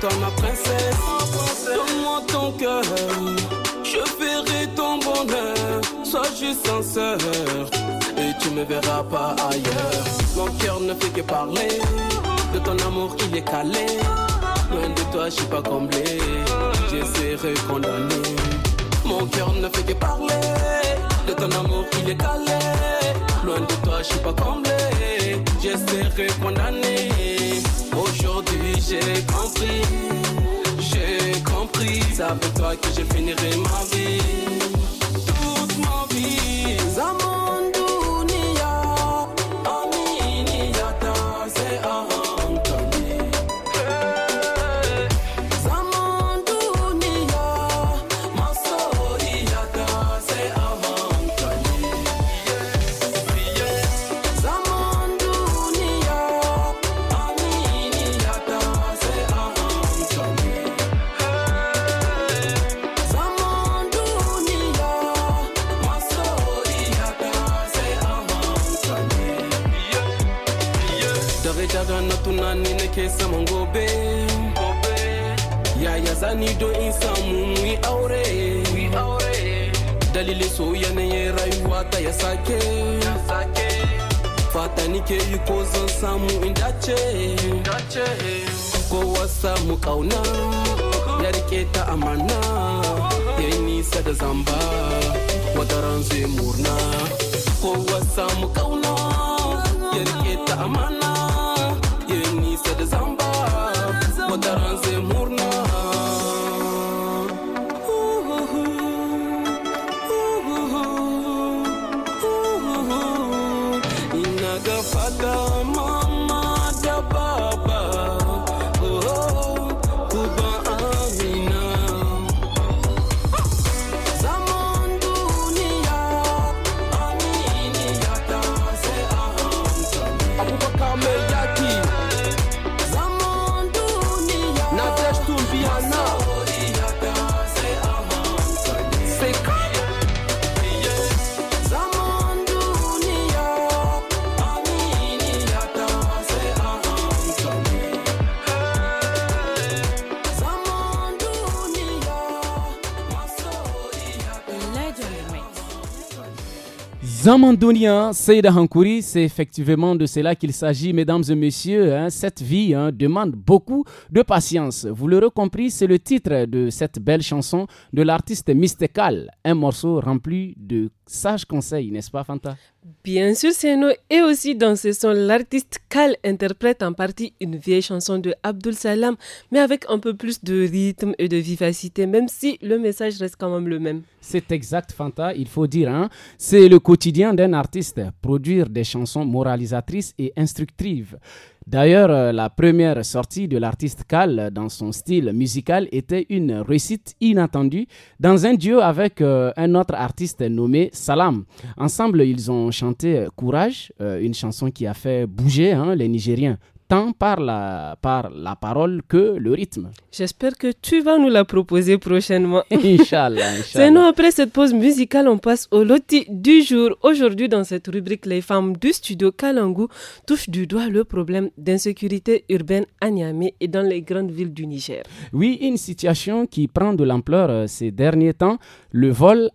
toi ma princesse. Donne-moi ton cœur, je ferai ton bonheur. Sois juste sincère et tu me verras pas ailleurs. Mon cœur ne fait que parler de ton amour il est calé. Loin de toi, je suis pas comblé, j'essaierai condamné. Mon cœur ne fait que parler de ton amour qui est calé. Loin de toi, je suis pas comblé, j'essaierai condamné. Aujourd'hui j'ai compris, j'ai compris. C'est avec toi que je finirai ma vie, toute ma vie. bari don in samu mu yi aure so soyayya ne ya rayuwa ta ya sake fata ke yi ko zan samu in dace kowa samu kauna ya rike ta amana ya yi nisa da zamba wataran zai murna kowa samu kauna ya rike ta amana ya yi nisa da zamba wataran zai murna Zamandonian, Seyda Hankouri, c'est effectivement de cela qu'il s'agit, mesdames et messieurs. Hein. cette vie hein, demande beaucoup de patience. Vous l'aurez compris, c'est le titre de cette belle chanson de l'artiste Mystical, un morceau rempli de sage conseil, n'est-ce pas, Fanta Bien sûr, nous Et aussi dans ce son, l'artiste Kal interprète en partie une vieille chanson de Abdul Salam, mais avec un peu plus de rythme et de vivacité, même si le message reste quand même le même. C'est exact, Fanta, il faut dire. Hein? C'est le quotidien d'un artiste, produire des chansons moralisatrices et instructives. D'ailleurs, euh, la première sortie de l'artiste Cal dans son style musical était une réussite inattendue dans un duo avec euh, un autre artiste nommé Salam. Ensemble, ils ont chanté euh, Courage, une chanson qui a fait bouger hein, les Nigériens par la, par la parole que le rythme. J'espère que tu vas nous la proposer prochainement. [laughs] Inch'Allah. [laughs] Inch'Allah. Sinon, après cette pause musicale, on passe au loti du jour. Aujourd'hui, dans cette rubrique, les femmes du studio Kalangu touchent du doigt le problème d'insécurité urbaine à Niamey et dans les grandes villes du Niger. Oui, une situation qui prend de l'ampleur euh, ces derniers temps. Le vol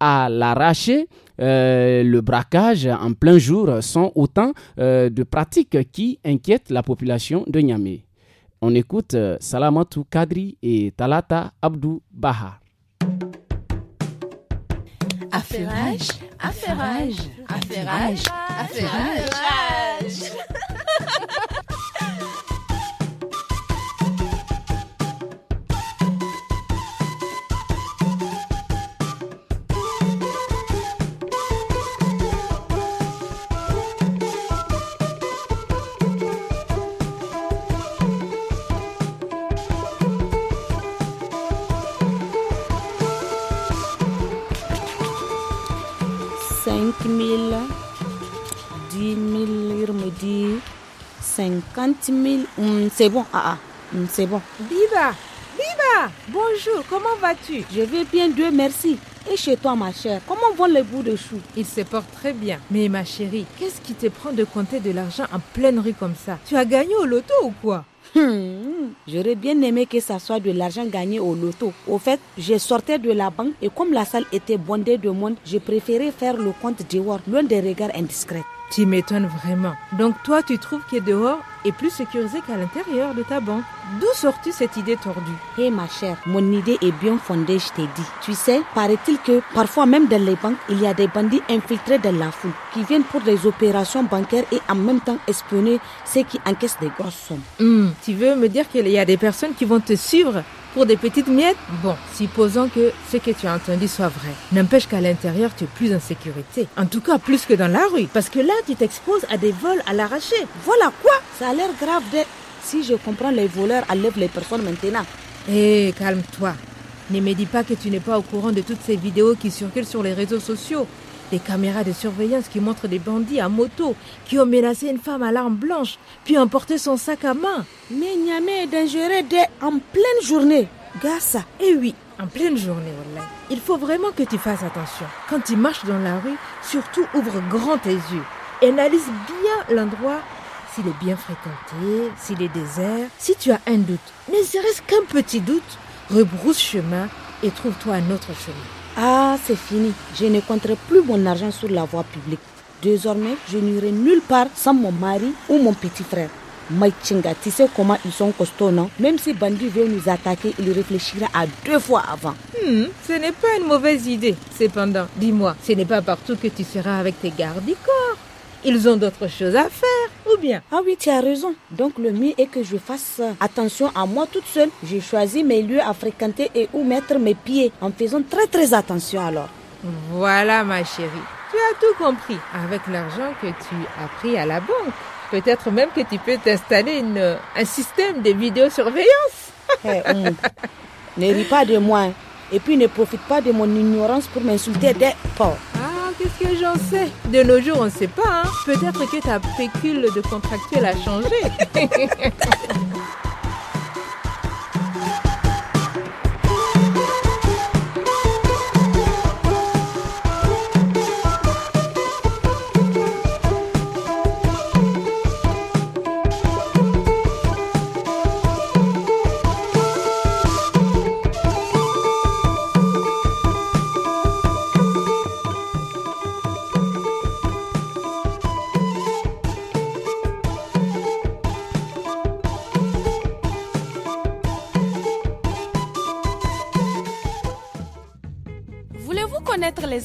à l'arraché, euh, le braquage en plein jour sont autant euh, de pratiques qui inquiètent la population de Niamey. On écoute euh, Salamatou Kadri et Talata Abdou Baha. mille, 10 000, me dit 50 000. c'est bon, ah, ah hum, c'est bon. viva viva bonjour, comment vas-tu Je vais bien, Dieu merci. Et chez toi, ma chère, comment vont les bouts de chou Ils se portent très bien. Mais ma chérie, qu'est-ce qui te prend de compter de l'argent en pleine rue comme ça Tu as gagné au loto ou quoi Hmm. J'aurais bien aimé que ça soit de l'argent gagné au loto. Au fait, je sortais de la banque et comme la salle était bondée de monde, j'ai préféré faire le compte dehors, loin des regards indiscrets. Tu m'étonnes vraiment. Donc toi, tu trouves qu'il est dehors est plus sécurisé qu'à l'intérieur de ta banque. D'où sort-tu cette idée tordue Eh ma chère, mon idée est bien fondée, je t'ai dit. Tu sais, paraît-il que parfois même dans les banques, il y a des bandits infiltrés dans la foule qui viennent pour des opérations bancaires et en même temps espionner ceux qui encaissent des grosses sommes. Hmm. tu veux me dire qu'il y a des personnes qui vont te suivre pour des petites miettes, bon, supposons que ce que tu as entendu soit vrai. N'empêche qu'à l'intérieur, tu es plus en sécurité. En tout cas, plus que dans la rue. Parce que là, tu t'exposes à des vols à l'arraché. Voilà quoi Ça a l'air grave de... Si je comprends, les voleurs enlèvent les personnes maintenant. Hé, eh, calme-toi. Ne me dis pas que tu n'es pas au courant de toutes ces vidéos qui circulent sur les réseaux sociaux. Des caméras de surveillance qui montrent des bandits à moto qui ont menacé une femme à l'arme blanche, puis emporté son sac à main. Mais Niamey est dangereux dès en pleine journée. Gassa. Eh oui, en pleine journée, Il faut vraiment que tu fasses attention. Quand tu marches dans la rue, surtout ouvre grand tes yeux analyse bien l'endroit s'il est bien fréquenté, s'il est désert. Si tu as un doute, ne serait-ce qu'un petit doute, rebrousse chemin et trouve-toi un autre chemin. Ah, c'est fini. Je ne compterai plus mon argent sur la voie publique. Désormais, je n'irai nulle part sans mon mari ou mon petit frère. Mike Chinga, tu sais comment ils sont costauds, non Même si Bandi veut nous attaquer, il réfléchira à deux fois avant. Hmm, ce n'est pas une mauvaise idée. Cependant, dis-moi, ce n'est pas partout que tu seras avec tes gardes corps ils ont d'autres choses à faire, ou bien Ah oui, tu as raison. Donc le mieux est que je fasse euh, attention à moi toute seule. J'ai choisi mes lieux à fréquenter et où mettre mes pieds, en faisant très très attention alors. Voilà ma chérie, tu as tout compris avec l'argent que tu as pris à la banque. Peut-être même que tu peux t'installer euh, un système de vidéosurveillance. [laughs] Eh, hum. Ne ris pas de moi hein. et puis ne profite pas de mon ignorance pour m'insulter des pauvres j'en sais De nos jours, on ne sait pas. Hein. Peut-être que ta pécule de contractuel a changé. [laughs]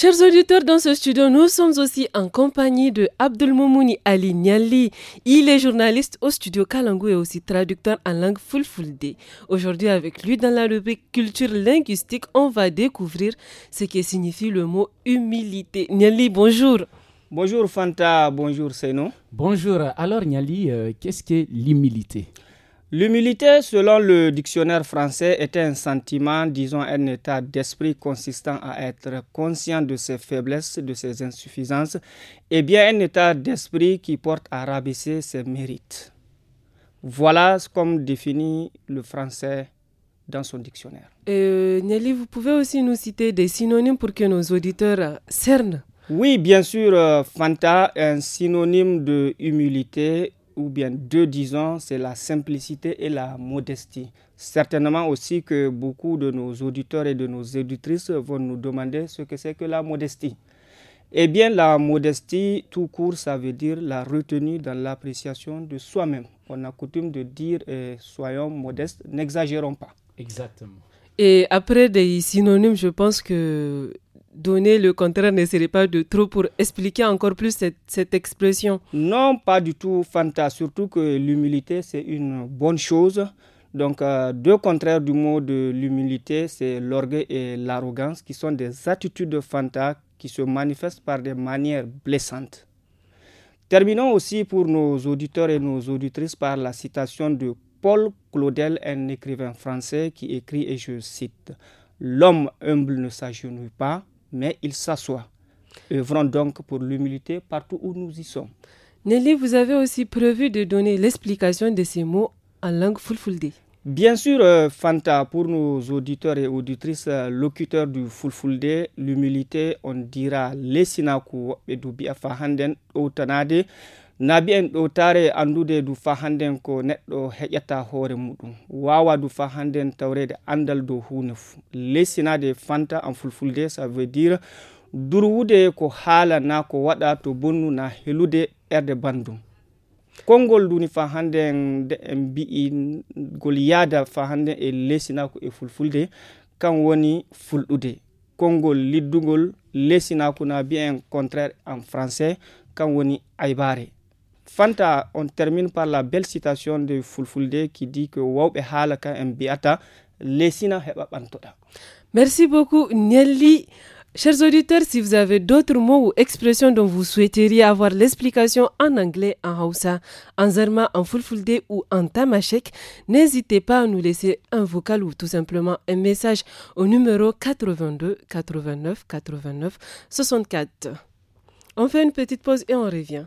Chers auditeurs, dans ce studio, nous sommes aussi en compagnie de Abdelmoumouni Ali Niali. Il est journaliste au studio Kalangou et aussi traducteur en langue fulfulde. Aujourd'hui, avec lui, dans la rubrique culture linguistique, on va découvrir ce que signifie le mot humilité. Niali, bonjour. Bonjour Fanta, bonjour Seno. Bonjour. Alors Niali, euh, qu'est-ce que l'humilité L'humilité, selon le dictionnaire français, est un sentiment, disons un état d'esprit consistant à être conscient de ses faiblesses, de ses insuffisances, et bien un état d'esprit qui porte à rabaisser ses mérites. Voilà comme définit le français dans son dictionnaire. Euh, Nelly, vous pouvez aussi nous citer des synonymes pour que nos auditeurs cernent oui, bien sûr, euh, Fanta est un synonyme de humilité ou bien deux, disons, c'est la simplicité et la modestie. Certainement aussi que beaucoup de nos auditeurs et de nos éditrices vont nous demander ce que c'est que la modestie. Eh bien, la modestie, tout court, ça veut dire la retenue dans l'appréciation de soi-même. On a coutume de dire eh, soyons modestes, n'exagérons pas. Exactement. Et après des synonymes, je pense que donner le contraire ne serait pas de trop pour expliquer encore plus cette, expression Non, pas du tout, Fanta. Surtout que l'humilité, c'est une bonne chose. Donc, euh, deux contraires du mot de l'humilité, c'est l'orgueil et l'arrogance, qui sont des attitudes de Fanta qui se manifestent par des manières blessantes. Terminons aussi pour nos auditeurs et nos auditrices par la citation de Paul Claudel, un écrivain français qui écrit, et je cite, L'homme humble ne s'agenouille pas, mais il s'assoient. Œuvrons donc pour l'humilité partout où nous y sommes. Nelly, vous avez aussi prévu de donner l'explication de ces mots en langue fulfulde. Bien sûr, euh, Fanta, pour nos auditeurs et auditrices euh, locuteurs du Fulfulde, l'humilité, on dira lesinaku et dubi afahanden otanade. naabi en ɗo tare andude du fa hannden ko neɗɗo heƴata hoore muɗum wawa du fa hannden tawrede andal dow hunde leysinade fanta en fulfulde ça veut dire durwude ko haala na ko waɗa to bonnu na helude erde bandum konngol duni fa hannden de en mbi'igol yaada fa hannde e leysinako e fulfulde kan woni fulɗude konngol liddugol leysinako na mbi en contraire en français kan woni aybare Fanta, on termine par la belle citation de Fulfulde qui dit que Halaka lesina merci beaucoup Nelly Chers auditeurs, si vous avez d'autres mots ou expressions dont vous souhaiteriez avoir l'explication en anglais, en Hausa, en Zarma, en Fulfulde ou en Tamashek, n'hésitez pas à nous laisser un vocal ou tout simplement un message au numéro 82 89 89 64. On fait une petite pause et on revient.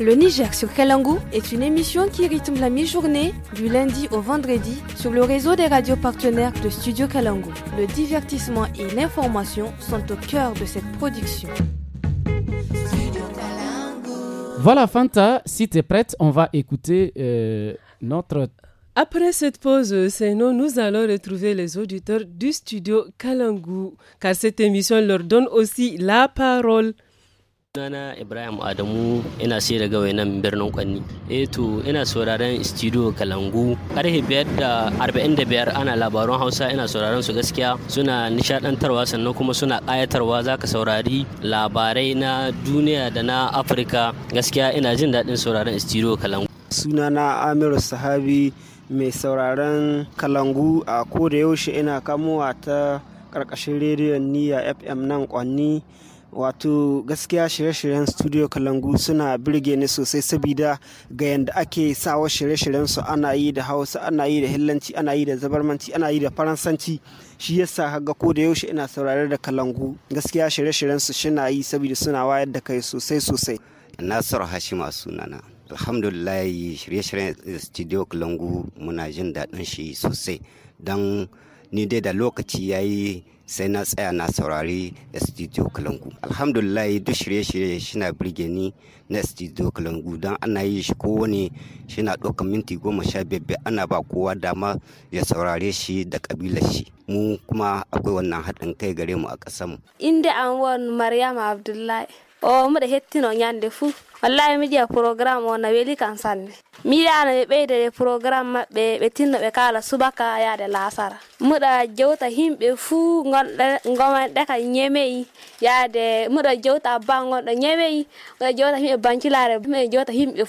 Le Niger sur Kalangu est une émission qui rythme la mi-journée du lundi au vendredi sur le réseau des radios partenaires de Studio Kalangu. Le divertissement et l'information sont au cœur de cette production. Voilà Fanta, si tu es prête, on va écouter euh, notre... Après cette pause, c'est nous, nous allons retrouver les auditeurs du studio Kalangu, car cette émission leur donne aussi la parole. sunana ibrahim adamu ina sai da gawai nan birnin kwanni eh to ina sauraron studio kalangu karfe biyar da arba'in da biyar ana labarun hausa ina sauraron su gaskiya suna nishadantarwa sannan kuma suna kayatarwa ka saurari labarai na duniya da na afirka gaskiya ina jin daɗin sauraron studio kalangu sunana amiru sahabi mai sauraron kalangu a koda yaushe ina kamowa ta ƙarƙashin rediyon niya fm nan kwanni Wato gaskiya shirye-shiryen Studio Kalangu suna birge ni sosai sabida ga yadda ake sawa shirye-shiryen su ana yi da Hausa, ana yi da Hillanci, ana yi da Zabarmanci, ana yi da Faransanci. Shi yasa kaga ko da yaushe ina saurare da Kalangu. Gaskiya shirye-shiryen su suna yi sabida suna wayar da kai sosai sosai. Nasiru Hashima sunana. Alhamdulillah shirye-shiryen Studio Kalangu muna jin daɗin shi sosai. Don ni dai da lokaci ya yi sai na tsaya na saurari studio kalangu alhamdulillah duk shirye-shirye shina birge ni na studio kalangu don ana yi shi kowane shina ɗaukar minti goma sha biyar ana ba kowa dama ya saurare shi da ƙabilar shi mu kuma akwai wannan haɗin kai gare mu a mu. inda an wani maryam abdullahi o oh, mbeɗa hettino ñande fuu wallahi mi yiya programme o na weli kan sanne mi yiyano ɓe programme maɓɓe tinno ɓe kala subaka yaade lasara muɗa jewta himɓe fuu gomanɗe ka ñemeyi yaade de jewta ba gonɗo ñemeyi jewta himɓe bancilare jewta himɓe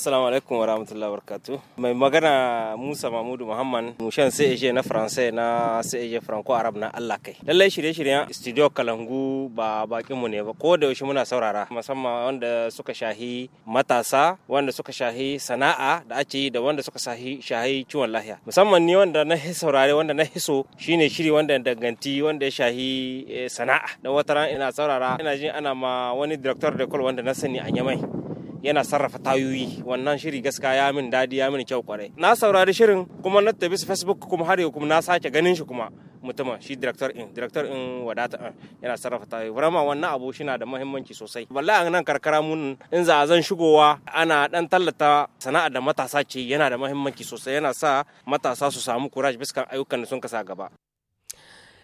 Assalamu alaikum wa rahmatullahi barakatu. Mai magana Musa Mahmudu Muhammad mushan CEG na Faransai na CEG Franco Arab na Allah kai. Lallai shirye-shiryen Studio Kalangu ba bakin mu ne ba ko da yaushe muna saurara musamman wanda suka shahi matasa, wanda suka shahi sana'a da ake yi da wanda suka shahi shahi ciwon lahiya. Musamman ni wanda na saurare wanda na hiso shine shiri wanda danganti wanda ya shahi eh, sana'a. Da wataran ina saurara ina jin ana ma wani director da wanda na sani a Yamai. yana sarrafa tayoyi wannan shiri gaskiya ya min dadi ya min kyau kwarai na saurari shirin kuma na tafi facebook kuma har yau kuma na sake ganin shi kuma mutumin shi director in director in wadata eh, yana sarrafa tayoyi vraiment wannan abu shi na da muhimmanci sosai wallahi a nan karkara mun in za zan shigowa ana dan tallata sana'a da matasa ce yana da muhimmanci sosai yana sa matasa su samu courage biskan ayyukan da sun kasa gaba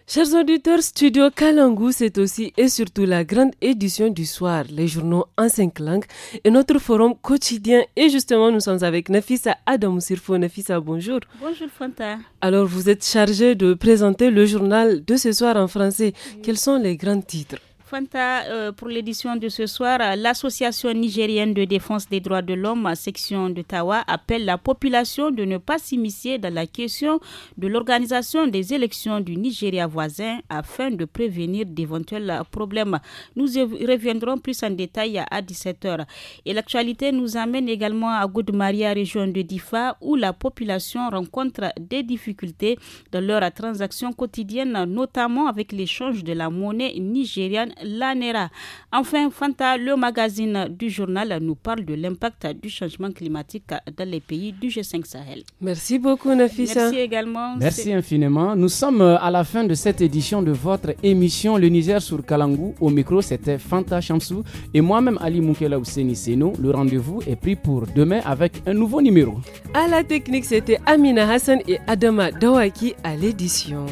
Chers auditeurs, Studio Kalangu, c'est aussi et surtout la grande édition du soir, les journaux en cinq langues et notre forum quotidien. Et justement, nous sommes avec Nafisa Adam Sirfo. Nafisa, bonjour. Bonjour, Fanta. Alors, vous êtes chargé de présenter le journal de ce soir en français. Quels sont les grands titres Fanta, euh, pour l'édition de ce soir, l'Association nigérienne de défense des droits de l'homme, section de Tawa, appelle la population de ne pas s'immiscer dans la question de l'organisation des élections du Nigeria voisin afin de prévenir d'éventuels problèmes. Nous reviendrons plus en détail à 17h. Et l'actualité nous amène également à Goudmaria, région de Difa, où la population rencontre des difficultés dans leurs transactions quotidiennes, notamment avec l'échange de la monnaie nigériane l'ANERA. Enfin, Fanta, le magazine du journal, nous parle de l'impact du changement climatique dans les pays du G5 Sahel. Merci beaucoup, Nafisa. Merci également. Merci infiniment. Nous sommes euh, à la fin de cette édition de votre émission Le Niger sur Kalangou. Au micro, c'était Fanta Chamsou et moi-même Ali Moukela Ouseni Seno. Le rendez-vous est pris pour demain avec un nouveau numéro. À la technique, c'était Amina Hassan et Adama Dawaki à l'édition.